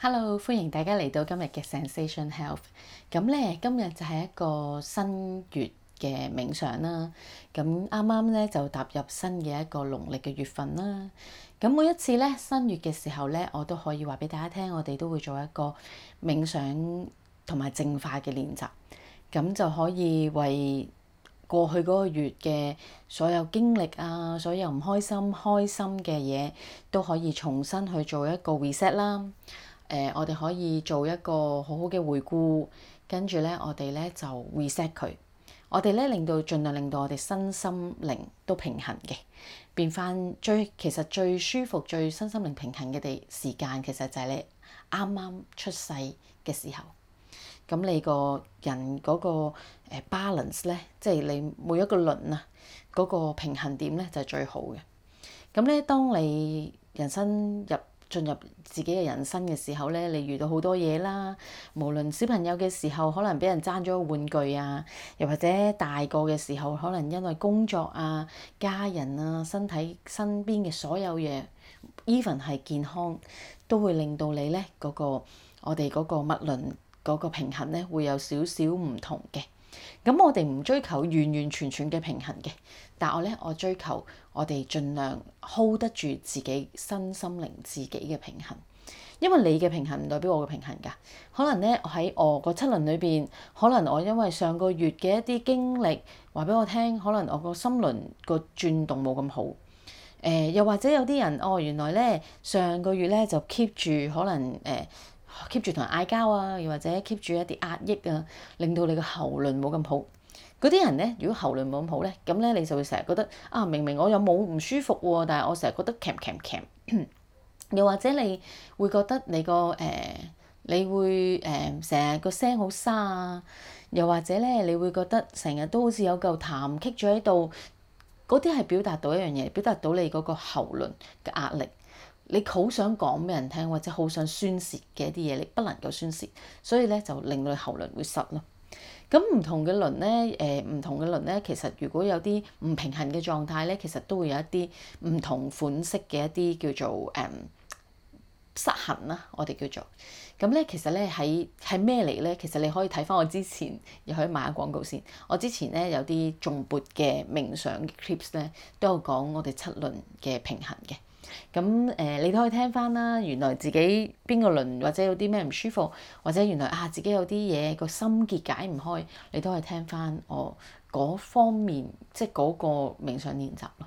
Hello，歡迎大家嚟到今日嘅 Zensation Health。咁咧，今日就係一個新月嘅冥想啦。咁啱啱咧就踏入新嘅一個農曆嘅月份啦。咁每一次咧新月嘅時候咧，我都可以話俾大家聽，我哋都會做一個冥想同埋淨化嘅練習，咁就可以為過去嗰個月嘅所有經歷啊，所有唔開心、開心嘅嘢都可以重新去做一個 reset 啦。誒、呃，我哋可以做一個好好嘅回顧，跟住咧，我哋咧就 reset 佢。我哋咧令到盡量令到我哋身心靈都平衡嘅，變返最其實最舒服、最身心靈平衡嘅地時間，其實就係你啱啱出世嘅時候。咁你個人嗰個 balance 咧，即、就、係、是、你每一個輪啊嗰、那個平衡點咧就係、是、最好嘅。咁咧，當你人生入進入自己嘅人生嘅時候咧，你遇到好多嘢啦。無論小朋友嘅時候，可能俾人爭咗玩具啊，又或者大個嘅時候，可能因為工作啊、家人啊、身體、身邊嘅所有嘢，even 係健康，都會令到你咧嗰個我哋嗰個物輪嗰個平衡咧，會有少少唔同嘅。咁我哋唔追求完完全全嘅平衡嘅，但我咧，我追求我哋盡量 hold 得住自己身心靈自己嘅平衡。因為你嘅平衡唔代表我嘅平衡噶，可能咧喺我個七輪裏邊，可能我因為上個月嘅一啲經歷，話俾我聽，可能我個心輪個轉動冇咁好。誒、呃，又或者有啲人，哦，原來咧上個月咧就 keep 住可能誒。呃 keep 住同人嗌交啊，又或者 keep 住一啲壓抑啊，令到你個喉嚨冇咁好。嗰啲人呢，如果喉嚨冇咁好呢，咁呢，你就會成日覺得啊，明明我又冇唔舒服喎、啊，但係我成日覺得夾夾夾。又或者你會覺得你個誒、呃，你會誒成日個聲好沙啊。又或者呢，你會覺得成日都好似有嚿痰棘咗喺度。嗰啲係表達到一樣嘢，表達到你嗰個喉嚨嘅壓力。你好想講俾人聽，或者好想宣泄嘅一啲嘢，你不能夠宣泄，所以咧就令到你喉輪會失咯。咁唔同嘅輪咧，誒、呃、唔同嘅輪咧，其實如果有啲唔平衡嘅狀態咧，其實都會有一啲唔同款式嘅一啲叫做誒、嗯、失衡啦，我哋叫做。咁咧，其實咧喺喺咩嚟咧？其實你可以睇翻我之前，又可以賣下廣告先。我之前咧有啲重播嘅冥想 clips 咧，都有講我哋七輪嘅平衡嘅。咁誒、呃，你都可以聽翻啦。原來自己邊個輪或者有啲咩唔舒服，或者原來啊自己有啲嘢個心結解唔開，你都可以聽翻我嗰方面，即係嗰個冥想練習咯。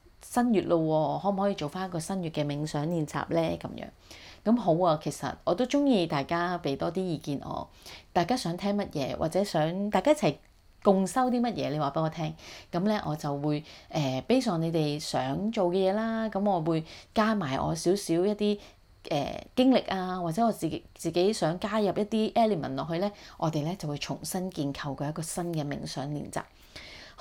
新月咯喎，可唔可以做翻一個新月嘅冥想練習呢？咁樣咁好啊！其實我都中意大家俾多啲意見我，大家想聽乜嘢，或者想大家一齊共修啲乜嘢，你話俾我聽。咁呢，我就會誒，畀、呃、上你哋想做嘅嘢啦。咁我會加埋我少少一啲誒、呃、經歷啊，或者我自己自己想加入一啲 element 落去呢。我哋呢就會重新建構嘅一個新嘅冥想練習。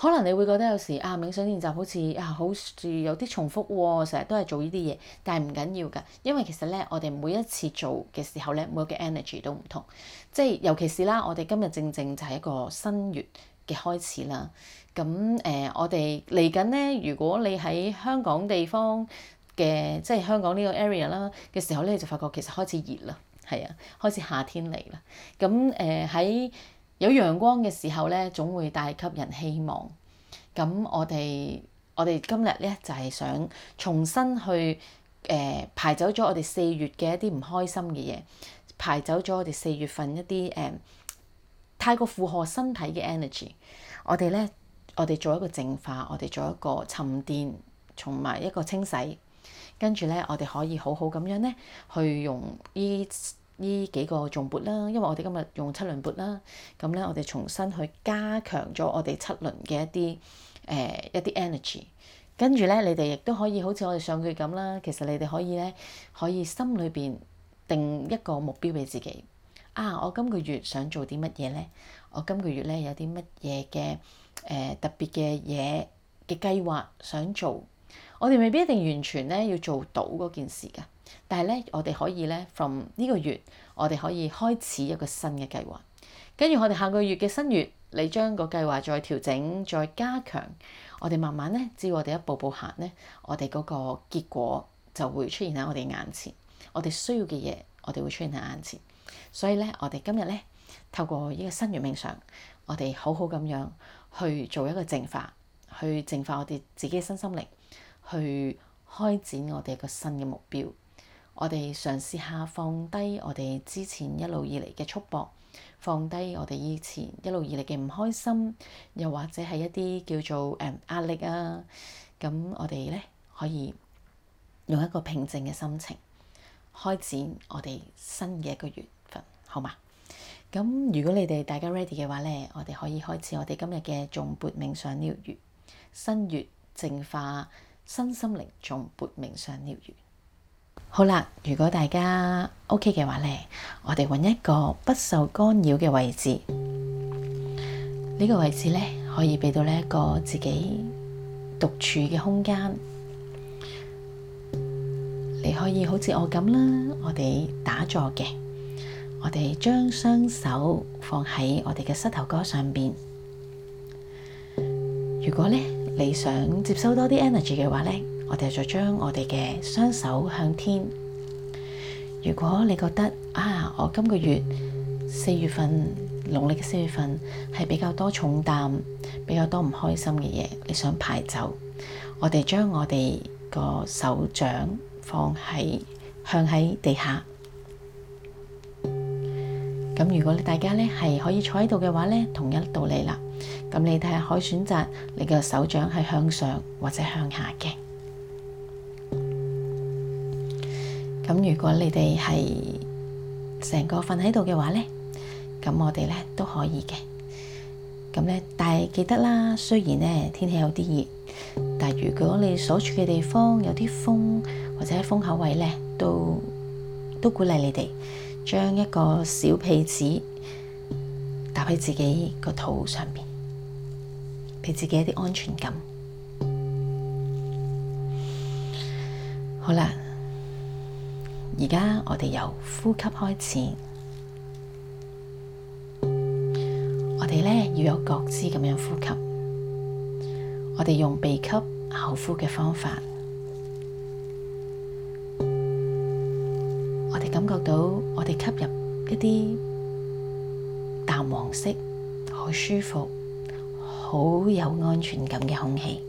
可能你會覺得有時啊冥想練習好似啊好似有啲重複喎、哦，成日都係做呢啲嘢，但係唔緊要㗎，因為其實咧我哋每一次做嘅時候咧，每個嘅 energy 都唔同，即係尤其是啦，我哋今日正正就係一個新月嘅開始啦。咁誒、呃，我哋嚟緊咧，如果你喺香港地方嘅即係香港呢個 area 啦嘅時候咧，你就發覺其實開始熱啦，係啊，開始夏天嚟啦。咁誒喺有陽光嘅時候咧，總會帶給人希望。咁我哋我哋今日咧就係想重新去誒排走咗我哋四月嘅一啲唔開心嘅嘢，排走咗我哋四月份一啲誒、呃、太過負荷身體嘅 energy。我哋咧，我哋做一個淨化，我哋做一個沉澱，同埋一個清洗，跟住咧，我哋可以好好咁樣咧，去用呢，呢幾個重撥啦，因為我哋今日用七輪撥啦，咁咧我哋重新去加強咗我哋七輪嘅一啲誒、呃、一啲 energy，跟住咧你哋亦都可以好似我哋上個月咁啦，其實你哋可以咧可以心裏邊定一個目標俾自己，啊我今個月想做啲乜嘢咧？我今個月咧有啲乜嘢嘅誒特別嘅嘢嘅計劃想做，我哋未必一定完全咧要做到嗰件事㗎。但係咧，我哋可以咧，from 呢個月，我哋可以開始一個新嘅計劃。跟住我哋下個月嘅新月，你將個計劃再調整、再加強。我哋慢慢咧，只要我哋一步步行咧，我哋嗰個結果就會出現喺我哋眼前。我哋需要嘅嘢，我哋會出現喺眼前。所以咧，我哋今日咧，透過呢個新月冥想，我哋好好咁樣去做一個淨化，去淨化我哋自己嘅身心靈，去開展我哋一個新嘅目標。我哋嘗試下放低我哋之前一路以嚟嘅束縛，放低我哋以前一路以嚟嘅唔開心，又或者係一啲叫做誒、嗯、壓力啊，咁我哋咧可以用一個平靜嘅心情，開展我哋新嘅一個月份，好嘛？咁如果你哋大家 ready 嘅話咧，我哋可以開始我哋今日嘅頌缽冥想療癒新月淨化新心靈，頌缽冥想療癒。好啦，如果大家 OK 嘅話咧，我哋揾一個不受干擾嘅位置，呢、這個位置咧可以畀到你一個自己獨處嘅空間，你可以好似我咁啦，我哋打坐嘅，我哋將雙手放喺我哋嘅膝頭哥上邊。如果咧你想接收多啲 energy 嘅話咧。我哋就將我哋嘅雙手向天。如果你覺得啊，我今個月四月份農曆嘅四月份係比較多重擔，比較多唔開心嘅嘢，你想排走，我哋將我哋個手掌放喺向喺地下。咁，如果你大家咧係可以坐喺度嘅話咧，同一道理啦。咁你睇下，可以選擇你個手掌係向上或者向下嘅。咁如果你哋係成個瞓喺度嘅話咧，咁我哋咧都可以嘅。咁咧，但係記得啦，雖然咧天氣有啲熱，但係如果你所處嘅地方有啲風或者風口位咧，都都鼓勵你哋將一個小被子搭喺自己個肚上邊，俾自己一啲安全感。好啦。而家我哋由呼吸開始，我們呢，我哋呢要有覺知咁樣呼吸，我哋用鼻吸口呼嘅方法，我哋感覺到我哋吸入一啲淡黃色、好舒服、好有安全感嘅空氣。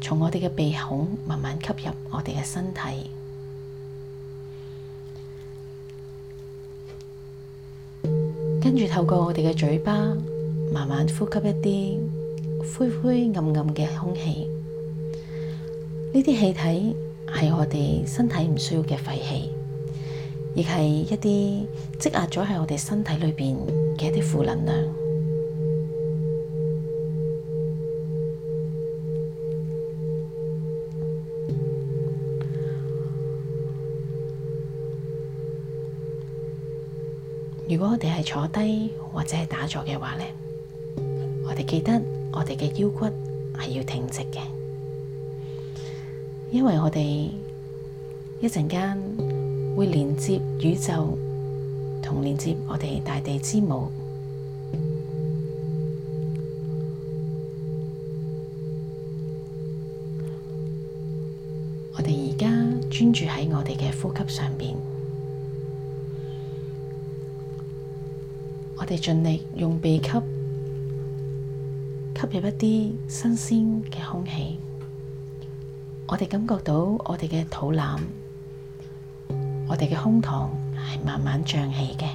從我哋嘅鼻孔慢慢吸入我哋嘅身體，跟住透過我哋嘅嘴巴慢慢呼吸一啲灰灰暗暗嘅空氣。呢啲氣體係我哋身體唔需要嘅廢氣，亦係一啲積壓咗喺我哋身體裏邊嘅一啲負能量。如果我哋係坐低或者係打坐嘅話咧，我哋記得我哋嘅腰骨係要挺直嘅，因為我哋一陣間會連接宇宙同連接我哋大地之母。我哋而家專注喺我哋嘅呼吸上面。我哋盡力用鼻吸，吸入一啲新鮮嘅空氣。我哋感覺到我哋嘅肚腩，我哋嘅胸膛係慢慢脹起嘅。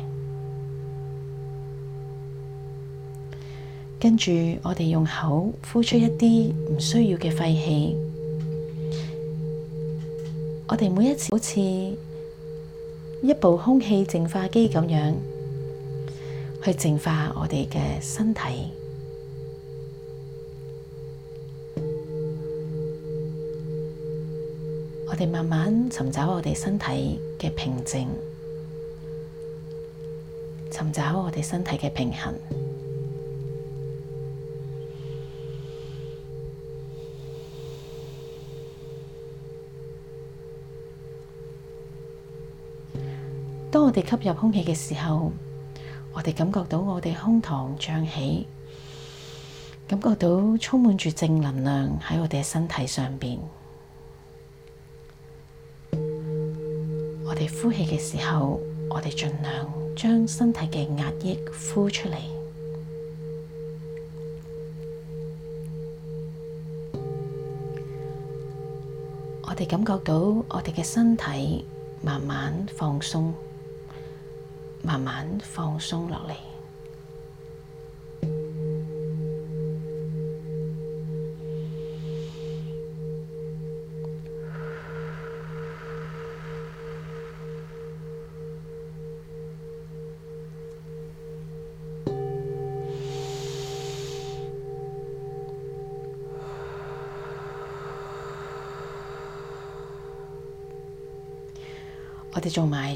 跟住，我哋用口呼出一啲唔需要嘅廢氣。我哋每一次好似一部空氣淨化機咁樣。去淨化我哋嘅身體，我哋慢慢尋找我哋身體嘅平靜，尋找我哋身體嘅平衡。當我哋吸入空氣嘅時候。我哋感覺到我哋胸膛脹起，感覺到充滿住正能量喺我哋嘅身體上面。我哋呼氣嘅時候，我哋盡量將身體嘅壓抑呼出嚟。我哋感覺到我哋嘅身體慢慢放鬆。慢慢放鬆落嚟，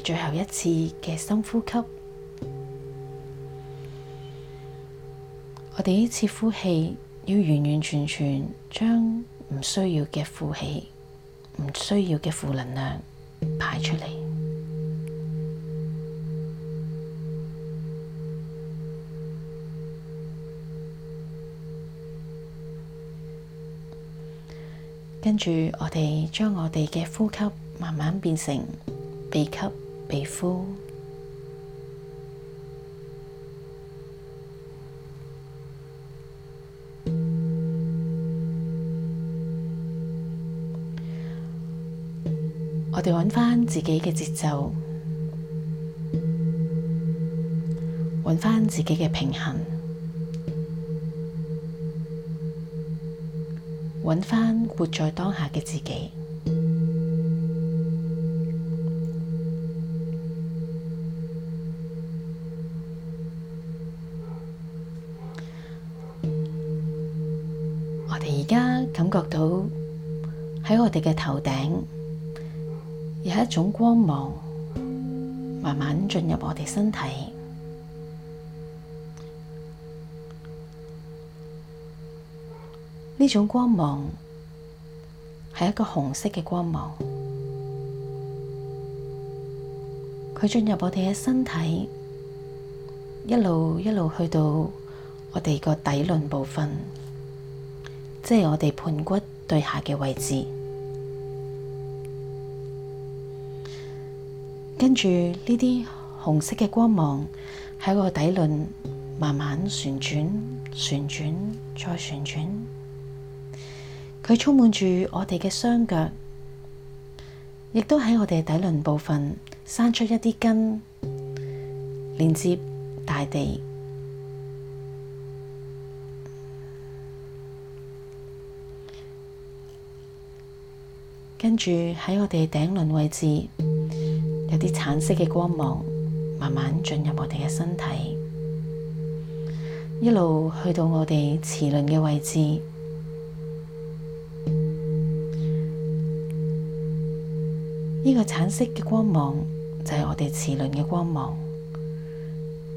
最後一次嘅深呼吸，我哋呢次呼氣要完完全全將唔需要嘅負氣、唔需要嘅負能量排出嚟。跟住，我哋將我哋嘅呼吸慢慢變成鼻吸。皮膚，我哋揾翻自己嘅節奏，揾翻自己嘅平衡，揾翻活在當下嘅自己。慢慢進入我哋身體，呢種光芒係一個紅色嘅光芒，佢進入我哋嘅身體，一路一路去到我哋個底輪部分，即係我哋盤骨對下嘅位置。跟住呢啲紅色嘅光芒喺個底輪慢慢旋轉、旋轉、再旋轉，佢充滿住我哋嘅雙腳，亦都喺我哋底輪部分生出一啲根，連接大地。跟住喺我哋頂輪位置。有啲橙色嘅光芒慢慢進入我哋嘅身體，一路去到我哋臍輪嘅位置。呢、這個橙色嘅光芒就係我哋臍輪嘅光芒，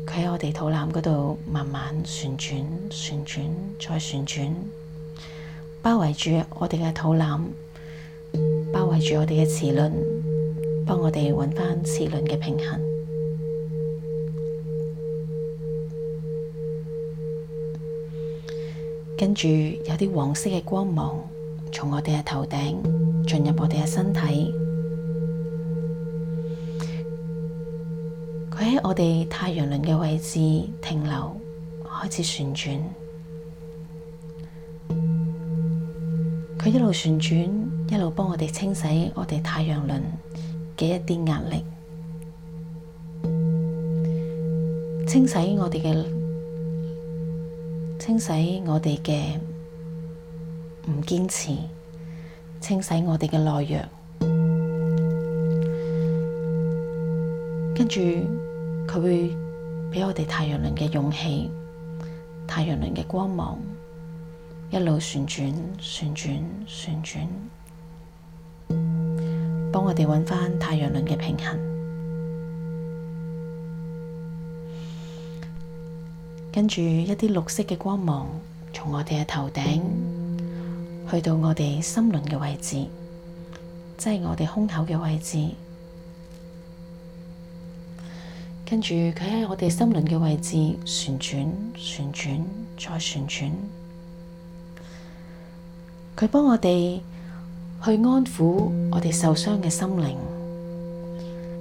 佢、就、喺、是、我哋肚腩嗰度慢慢旋轉、旋轉、再旋轉，包圍住我哋嘅肚腩，包圍住我哋嘅臍輪，幫我哋揾返臍輪嘅平衡，跟住有啲黃色嘅光芒從我哋嘅頭頂進入我哋嘅身體，佢喺我哋太陽輪嘅位置停留，開始旋轉。佢一路旋轉，一路幫我哋清洗我哋太陽輪。嘅一啲壓力，清洗我哋嘅，清洗我哋嘅唔堅持，清洗我哋嘅懦弱，跟住佢會畀我哋太陽輪嘅勇氣，太陽輪嘅光芒，一路旋轉，旋轉，旋轉。旋轉旋轉幫我哋搵返太陽輪嘅平衡，跟住一啲綠色嘅光芒從我哋嘅頭頂去到我哋心輪嘅位置，即係我哋胸口嘅位置。跟住佢喺我哋心輪嘅位置旋轉、旋轉、再旋轉，佢幫我哋。去安撫我哋受傷嘅心靈，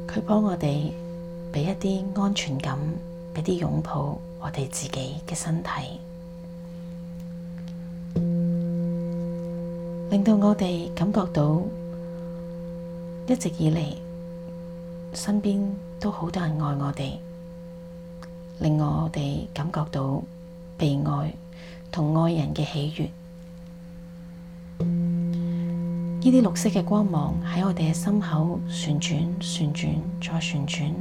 佢幫我哋畀一啲安全感，畀啲擁抱我哋自己嘅身體，令到我哋感覺到一直以嚟身邊都好多人愛我哋，令我哋感覺到被愛同愛人嘅喜悅。呢啲綠色嘅光芒喺我哋嘅心口旋轉旋轉再旋轉，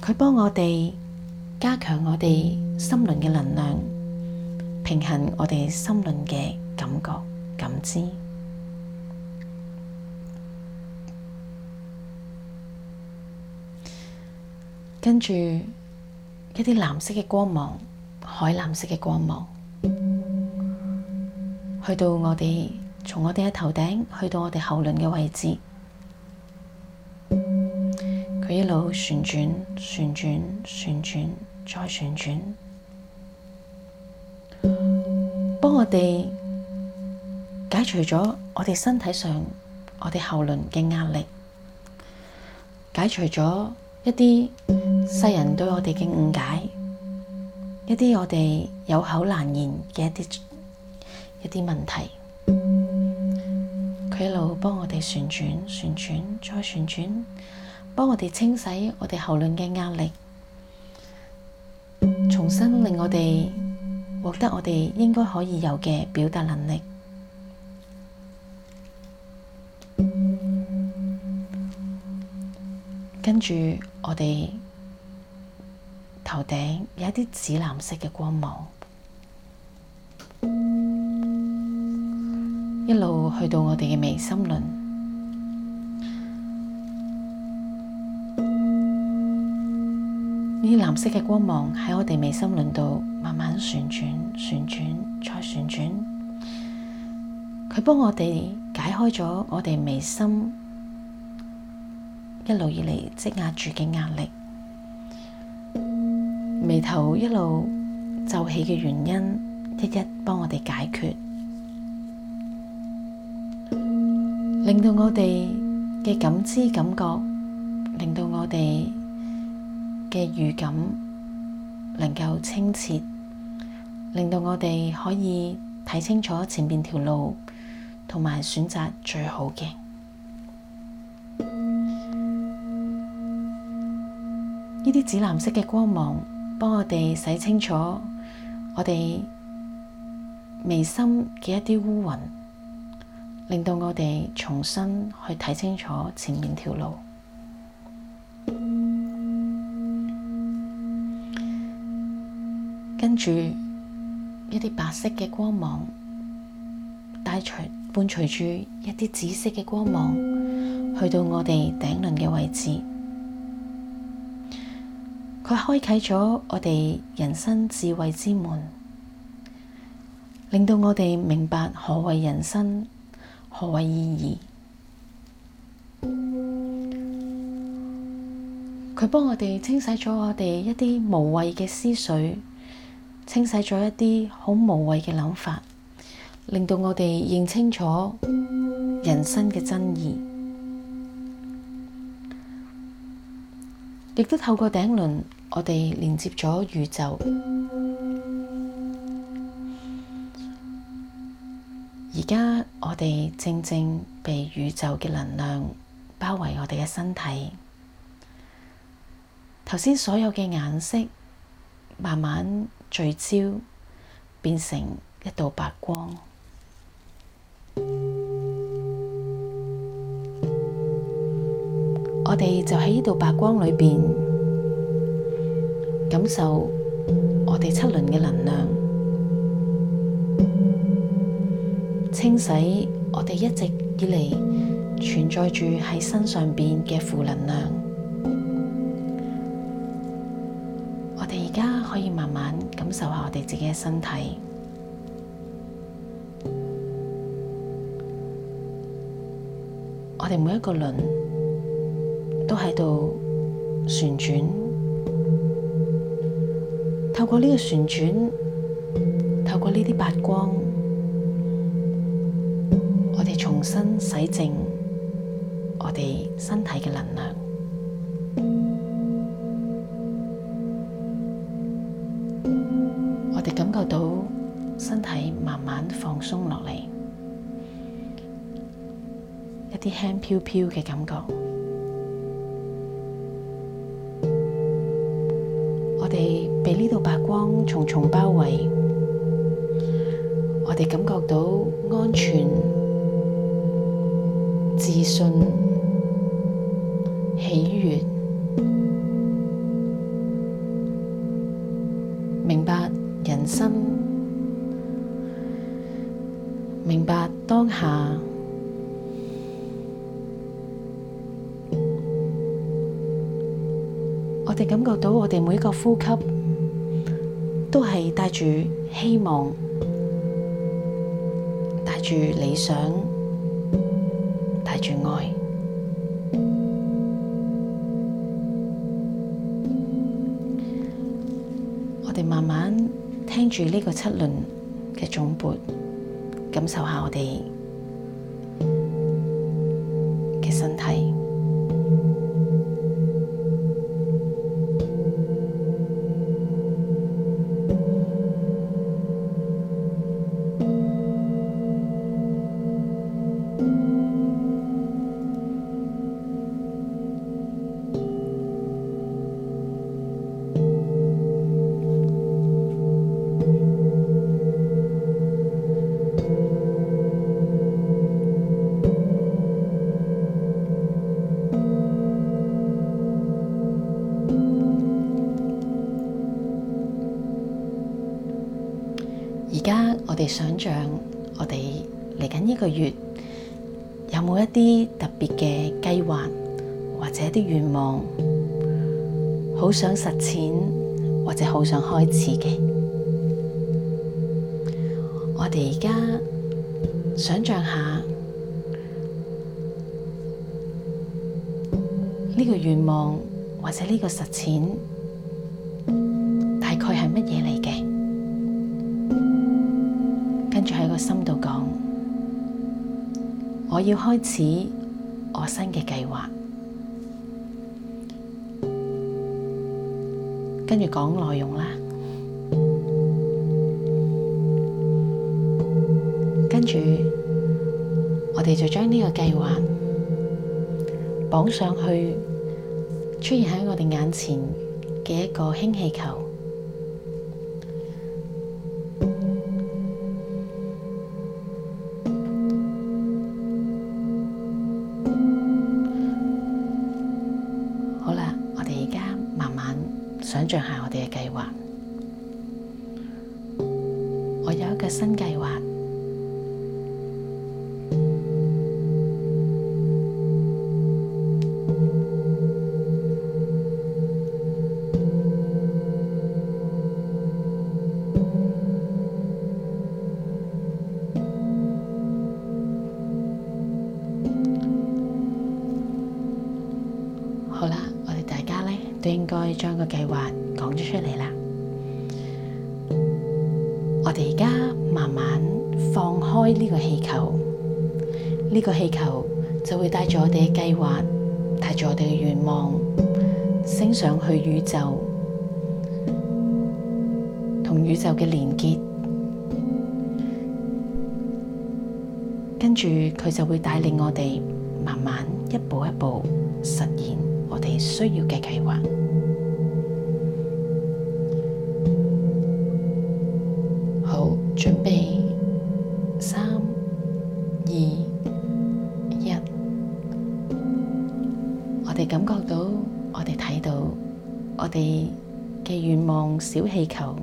佢幫我哋加強我哋心輪嘅能量，平衡我哋心輪嘅感覺感知。跟住一啲藍色嘅光芒，海藍色嘅光芒，去到我哋。從我哋嘅頭頂去到我哋喉輪嘅位置，佢一路旋轉、旋轉、旋轉、再旋轉，幫我哋解除咗我哋身體上我哋喉輪嘅壓力，解除咗一啲世人對我哋嘅誤解，一啲我哋有口難言嘅一啲一啲問題。一路幫我哋旋轉、旋轉、再旋轉，幫我哋清洗我哋喉輪嘅壓力，重新令我哋獲得我哋應該可以有嘅表達能力。跟住我哋頭頂有一啲紫藍色嘅光芒。一路去到我哋嘅眉心輪，呢啲藍色嘅光芒喺我哋眉心輪度慢慢旋轉、旋轉、再旋轉，佢幫我哋解開咗我哋眉心一路以嚟積壓住嘅壓力，眉頭一路皺起嘅原因，一一幫我哋解決。令到我哋嘅感知感覺，令到我哋嘅預感能夠清澈，令到我哋可以睇清楚前面條路，同埋選擇最好嘅。呢啲紫藍色嘅光芒，幫我哋洗清楚我哋眉心嘅一啲烏雲。令到我哋重新去睇清楚前面條路，跟住一啲白色嘅光芒帶隨伴隨住一啲紫色嘅光芒，去到我哋頂輪嘅位置，佢開啟咗我哋人生智慧之門，令到我哋明白何謂人生。何謂意義？佢幫我哋清洗咗我哋一啲無謂嘅思緒，清洗咗一啲好無謂嘅諗法，令到我哋認清楚人生嘅真義，亦都透過頂輪，我哋連接咗宇宙。而家我哋正正被宇宙嘅能量包圍我哋嘅身體，頭先所有嘅顏色慢慢聚焦，變成一道白光。 我哋就喺呢道白光裏邊，感受我哋七輪嘅能量。清洗我哋一直以嚟存在住喺身上邊嘅負能量，我哋而家可以慢慢感受下我哋自己嘅身體。我哋每一個輪都喺度旋轉，透過呢個旋轉，透過呢啲白光。重新洗淨我哋身體嘅能量，我哋感覺到身體慢慢放鬆落嚟，一啲輕飄飄嘅感覺。我哋被呢道白光重重包圍，我哋感覺到安全。自信、喜悅、明白人生、明白當下，我哋感覺到我哋每一個呼吸都係帶住希望，帶住理想。我哋慢慢聽住呢個七輪嘅頌缽，感受下我哋。而家我哋想象我哋嚟緊呢個月有冇一啲特別嘅計劃或者啲願望，好想實踐或者好想開始嘅？我哋而家想象下呢個願望或者呢個實踐。我要開始我新嘅計劃，跟住講內容啦，跟住我哋就將呢個計劃綁上去，出現喺我哋眼前嘅一個氫氣球。新計劃。好啦，我哋大家呢都應該將個計劃。開呢個氣球，呢個氣球就會帶住我哋嘅計劃，帶住我哋嘅願望，升上去宇宙，同宇宙嘅連結，跟住佢就會帶領我哋慢慢一步一步實現我哋需要嘅計劃。小氣球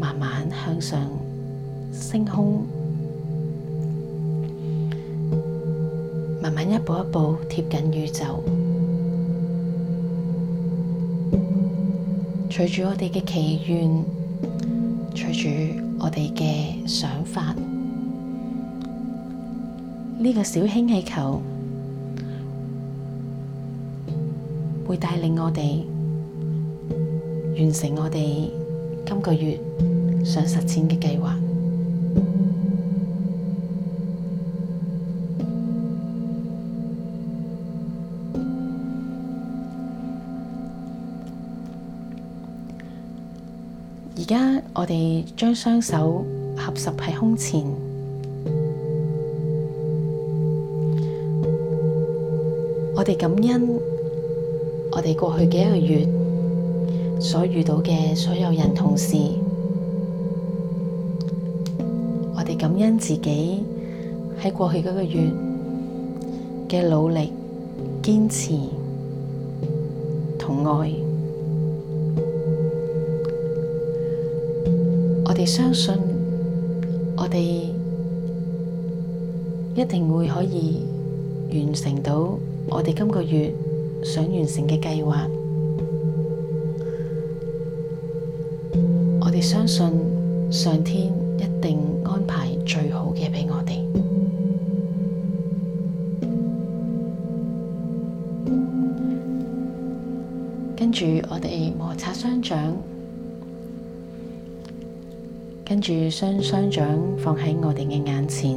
慢慢向上升空，慢慢一步一步貼緊宇宙。隨住我哋嘅祈願，隨住我哋嘅想法，呢、這個小氫氣球會帶領我哋。完成我哋今個月想實踐嘅計劃。而家我哋將雙手合十喺胸前，我哋感恩我哋過去嘅一個月，所遇到嘅所有人同事，我哋感恩自己喺過去嗰個月嘅努力、堅持同愛。我哋相信，我哋一定會可以完成到我哋今個月想完成嘅計劃。相信上天一定安排最好嘅俾我哋。跟住我哋摩擦雙掌，跟住雙雙掌放喺我哋嘅眼前，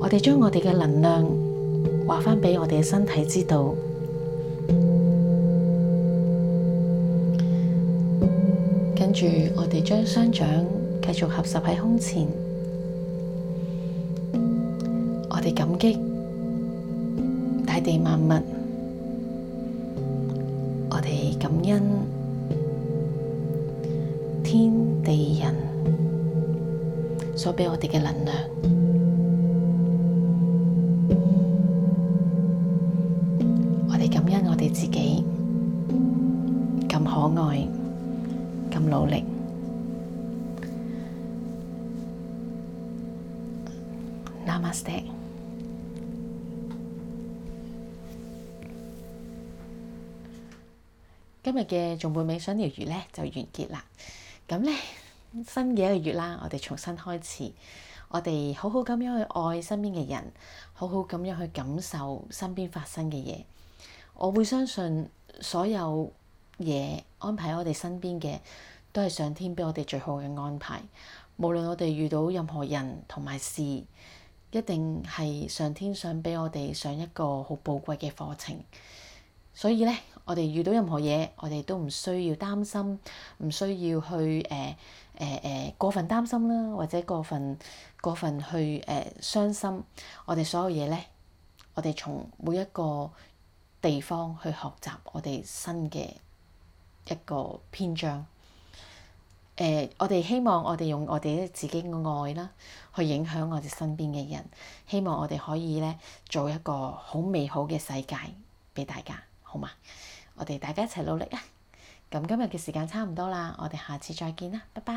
我哋將我哋嘅能量話返俾我哋嘅身體知道。住，我哋將雙掌繼續合十喺胸前。我哋感激大地萬物，我哋感恩天地人所畀我哋嘅能量。我哋感恩我哋自己咁可愛。今日嘅頌缽冥想療癒咧就完結啦。咁咧新嘅一個月啦，我哋重新開始，我哋好好咁樣去愛身邊嘅人，好好咁樣去感受身邊發生嘅嘢。我會相信所有嘢安排喺我哋身邊嘅都係上天俾我哋最好嘅安排。無論我哋遇到任何人同埋事，一定係上天想俾我哋上一個好寶貴嘅課程。所以咧。我哋遇到任何嘢，我哋都唔需要擔心，唔需要去誒誒誒過分擔心啦，或者過分過分去誒、呃、傷心。我哋所有嘢咧，我哋從每一個地方去學習我哋新嘅一個篇章。誒、呃，我哋希望我哋用我哋自己嘅愛啦，去影響我哋身邊嘅人。希望我哋可以咧做一個好美好嘅世界俾大家，好嘛？我哋大家一齊努力啊！咁今日嘅時間差唔多啦，我哋下次再見啦，拜拜。